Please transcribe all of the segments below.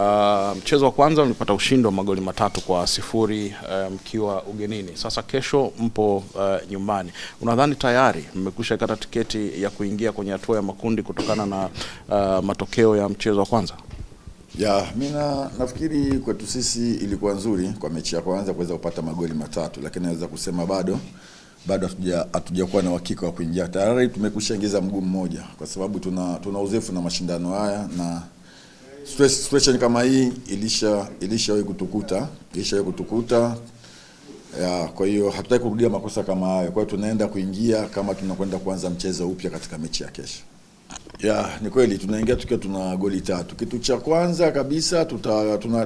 Uh, mchezo wa kwanza mlipata ushindi wa magoli matatu kwa sifuri uh, mkiwa um, ugenini. Sasa kesho mpo uh, nyumbani. Unadhani tayari mmekwisha kata tiketi ya kuingia kwenye hatua ya makundi kutokana na uh, matokeo ya mchezo wa kwanza? Ya, mimi nafikiri kwetu sisi ilikuwa nzuri kwa mechi ya kwanza kuweza kupata magoli matatu, lakini naweza kusema bado bado hatujakuwa na uhakika wa kuingia. Tayari tumekushaingiza mguu mmoja, kwa sababu tuna, tuna uzoefu na mashindano haya na stress, situation kama hii ilisha ilishawahi kutukuta ilishawahi kutukuta ya, kwa hiyo hatutaki kurudia makosa kama hayo. Kwa hiyo tunaenda kuingia kama tunakwenda kuanza mchezo upya katika mechi ya kesho. Ya, ni kweli tunaingia tukiwa tuna goli tatu. Kitu cha kwanza kabisa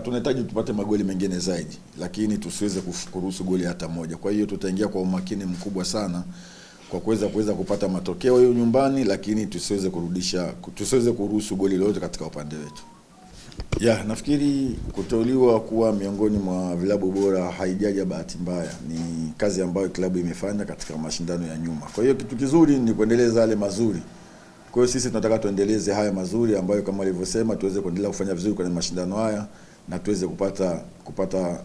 tunahitaji tupate magoli mengine zaidi, lakini tusiweze kuruhusu goli hata moja. Kwa hiyo tutaingia kwa umakini mkubwa sana kwa kuweza kuweza kupata matokeo hiyo nyumbani, lakini tusiweze kurudisha tusiweze kuruhusu goli lolote katika upande wetu. Ya, nafikiri kuteuliwa kuwa miongoni mwa vilabu bora haijaja bahati mbaya, ni kazi ambayo klabu imefanya katika mashindano ya nyuma. Kwa hiyo kitu kizuri ni kuendeleza yale mazuri. Kwa hiyo sisi tunataka tuendeleze haya mazuri ambayo kama alivyosema, tuweze kuendelea kufanya vizuri kwenye mashindano haya na tuweze kupata kupata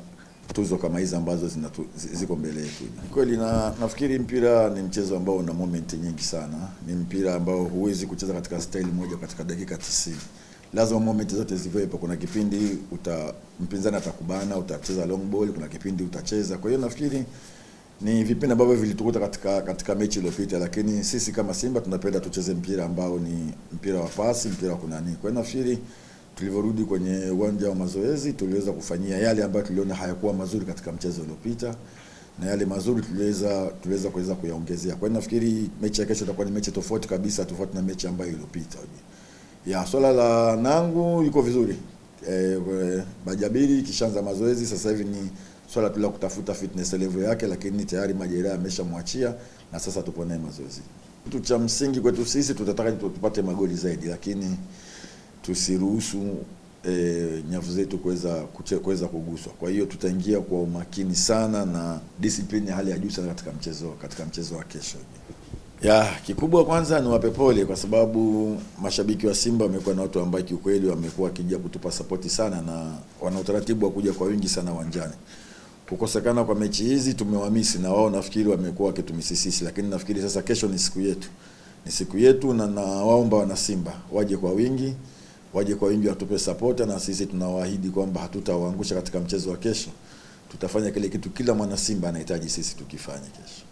tuzo kama hizi ambazo zinatu, ziko mbele yetu. Kweli na nafikiri mpira ni mchezo ambao una moment nyingi sana, ni mpira ambao huwezi kucheza katika staili moja katika dakika 90 lazima moment zote zivyoepo. Kuna kipindi uta mpinzani atakubana, utacheza long ball, kuna kipindi utacheza. Kwa hiyo nafikiri ni vipindi ambavyo vilitukuta katika, katika mechi iliyopita, lakini sisi kama Simba tunapenda tucheze mpira ambao ni mpira wa pasi, mpira wa kunani. Kwa hiyo nafikiri tulivyorudi kwenye uwanja wa mazoezi tuliweza kufanyia yale ambayo tuliona hayakuwa mazuri katika mchezo uliopita na yale mazuri tuliweza tuliweza kuweza kuyaongezea. Kwa hiyo nafikiri mechi ya kesho itakuwa ni mechi tofauti kabisa, tofauti na mechi ambayo iliyopita. Ya swala la nangu yuko vizuri eh, Bajabiri kishaanza mazoezi sasa hivi ni swala tu la kutafuta fitness level yake, lakini tayari majeraha ameshamwachia na sasa tupo naye mazoezi. Kitu cha msingi kwetu sisi tutataka tupate magoli zaidi, lakini tusiruhusu e, nyavu zetu kuweza kuweza kuguswa. Kwa hiyo tutaingia kwa umakini sana na discipline ya hali ya juu sana katika mchezo katika mchezo wa kesho. Ya, kikubwa kwanza ni wape pole kwa sababu mashabiki wa Simba wamekuwa na watu ambao kiukweli wamekuwa wakija kutupa sapoti sana na wana utaratibu wa kuja kwa wingi sana uwanjani. Kukosekana kwa mechi hizi tumewamisi na wao nafikiri wamekuwa wakitumisi sisi, lakini nafikiri sasa kesho ni siku yetu. Ni siku yetu na nawaomba wana Simba waje kwa wingi, waje kwa wingi watupe sapoti na sisi tunawaahidi kwamba hatutawaangusha katika mchezo wa kesho. Tutafanya kile kitu kila mwana Simba anahitaji sisi tukifanye kesho.